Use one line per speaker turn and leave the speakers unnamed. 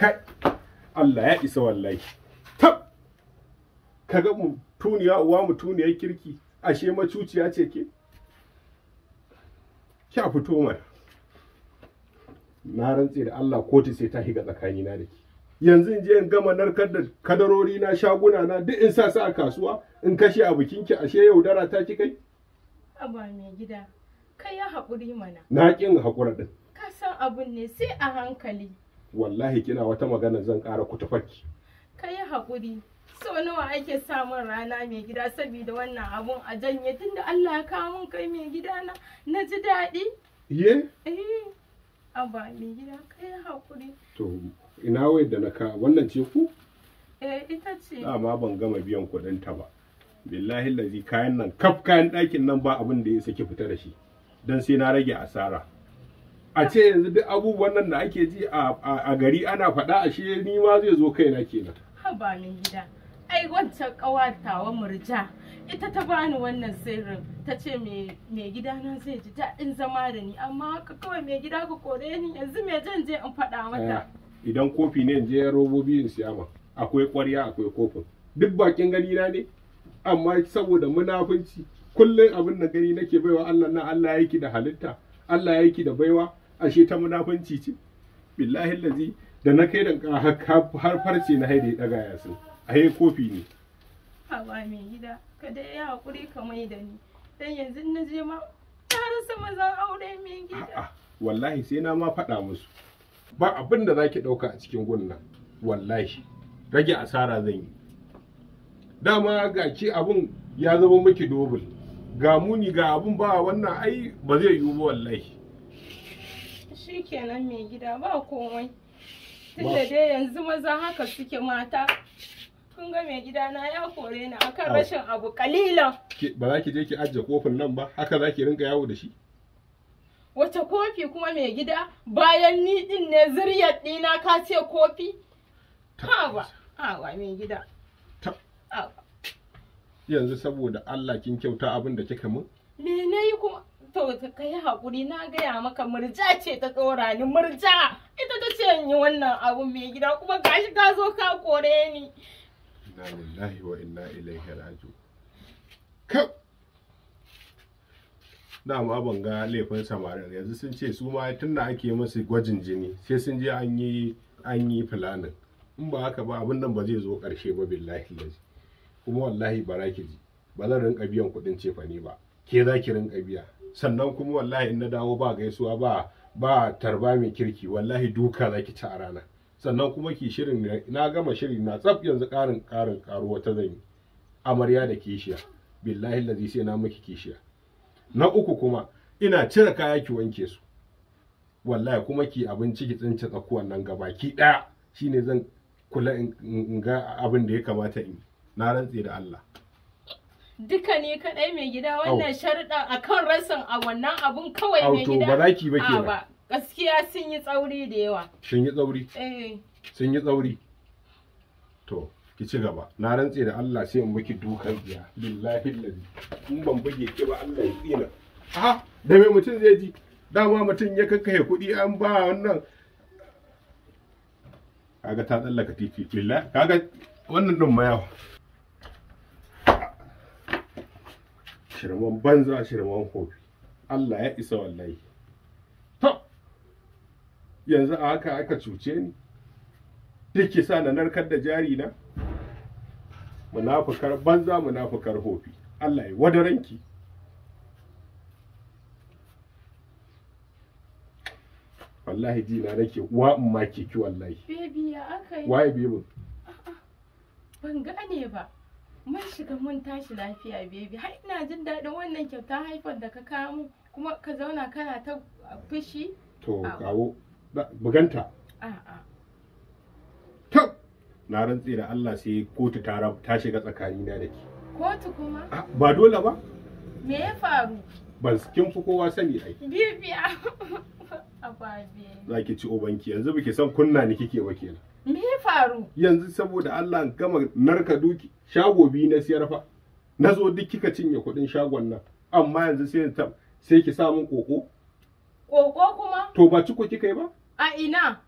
kai Allah ya isa wallahi tab kaga mu tuniya uwa mu tuniya kirki ashe macuciya ce ke Kya fito mana na rantse da Allah kotu sai ta higa tsakanina da ke yanzu in je in gama narkar da kadarori na shaguna na duk in sa su a kasuwa in kashe a bikinki ashe yaudara ta ki kai
aba mai gida kai ya haƙuri mana
na ƙin haƙura din
ka san abun ne sai a hankali
wallahi kina wata magana zan ƙara kutufarki
kai haƙuri so nawa ake samun rana mai gida saboda wannan abun a janye tunda Allah ya kawo min kai mai gida na na ji daɗi ye eh aba mai gida kai haƙuri
to ina wai da na ka wannan ce ku
eh ita ce dama
ban gama biyan kuɗin ta ba billahi lazi kayan nan kaf kayan ɗakin nan ba abin da ya saki fita da shi dan sai na rage asara a ce yanzu duk abubuwan nan da ake ji a gari ana faɗa a shi ni ma zai zo kaina kenan
haba min gida ai wancan ƙawatawa murja ita ta bani wannan sirrin ta ce mai gidana zai ji daɗin zama da ni amma ka kawai mai gida ka kore ni yanzu me zan je in faɗa mata eh,
idan kofi ne in je robobi in siya ma akwai ƙwarya akwai kofin duk bakin gani na ne amma saboda munafunci kullum abin da gani nake baiwa Allah na Allah yake da halitta Allah yake da baiwa ashe ta munafanci ce billahi lazi da na kai da har farce na haida daga yasin a kofi ne
hawa mai gida ka ya haƙuri ka mai da ni dan yanzu na je ma ta rasa mazan aure mai gida
wallahi sai na ma faɗa musu ba abin da zaki ɗauka a cikin gunnan wallahi rage asara zan yi dama ga ce abun ya zama miki dobul ga muni ga abin ba wannan ai ba zai yiwu wallahi
shi kenan mai gida ba komai tunda dai yanzu maza haka suke mata kun ga mai gida na ya kore ni akan rashin abu kalilan
ba za ki je ki ajiye kofin nan ba haka za ki rinka yawo da shi
wata kofi kuma mai gida bayan ni din ne ziryar dina ka ce kofi hawa hawa mai gida
yanzu saboda Allah kin kyauta abin da kika mun
kawai ka kai haƙuri na gaya maka murja ce ta tsora ni murja ita ta ce in yi wannan abun mai gida kuma gashi ka zo ka kore ni
inna lillahi wa inna ilaihi raji'un ma ban ga laifin samarin yanzu sun ce su ma tun da ake musu gwajin jini sai sun je an yi an filanin in ba haka ba abin nan ba zai zo ƙarshe ba billahi lazi kuma wallahi bara ki ji ba zan rinka biyan kuɗin cefane ba ke za ki rinka biya sannan kuma wallahi in na dawo ba gaisuwa ba ba tarba mai kirki wallahi duka zaki ci a rana sannan kuma ki shirin na gama shirin na tsaf yanzu karin karin karuwa ta zan yi amarya da kishiya billahi lazi sai na miki kishiya na uku kuma ina cire kaya ki wanke su wallahi kuma ki abinci ki tsince tsakuwan nan gaba ki daya shine zan kula in ga abin da ya kamata in na rantse da Allah
duka ne kadai mai gida wannan sharuɗa akan rasan a wannan abun kawai mai gida ba za ki ba gaskiya sun yi tsauri da yawa
sun yi tsauri eh sun yi tsauri to ki ci gaba na rantse da Allah sai in baki dukan biya billahi lazi in ban buge ki ba Allah ya tsina a da me mutum zai ji dama mutum ya kakkahe kuɗi an ba wannan kaga ta tsallaka titi billahi kaga wannan din mayawa shirman banza shirman hofi Allah ya isa wallahi to yanzu a haka aka cuce ni take sa na narkar da jari na munafukar banza munafukar hofi Allah ya wadaranki wallahi na nake uwa in ma kiki wallahi
baby ya aka yi baby ban gane ba mun shiga mun tashi lafiya bebi har ina jin daɗin wannan kyauta haifar da ka kamu kuma ka zauna kana ta fushi to kawo buganta a'a
na rantse da Allah sai kotu ta ta shiga tsakani na da
kotu kuma ba dole ba me ya faru
ban kin fi kowa sani ai
bibiya ababe
zaki ci ubanki yanzu bike san kunna ni kike ba
me faru
yanzu saboda Allah gama narka duki shago biyu na siyar fa nazo duk kika cinye kuɗin shagon nan amma yanzu sai sai ki samu koko
koko kuma
to ba ciko kika yi ba
a ina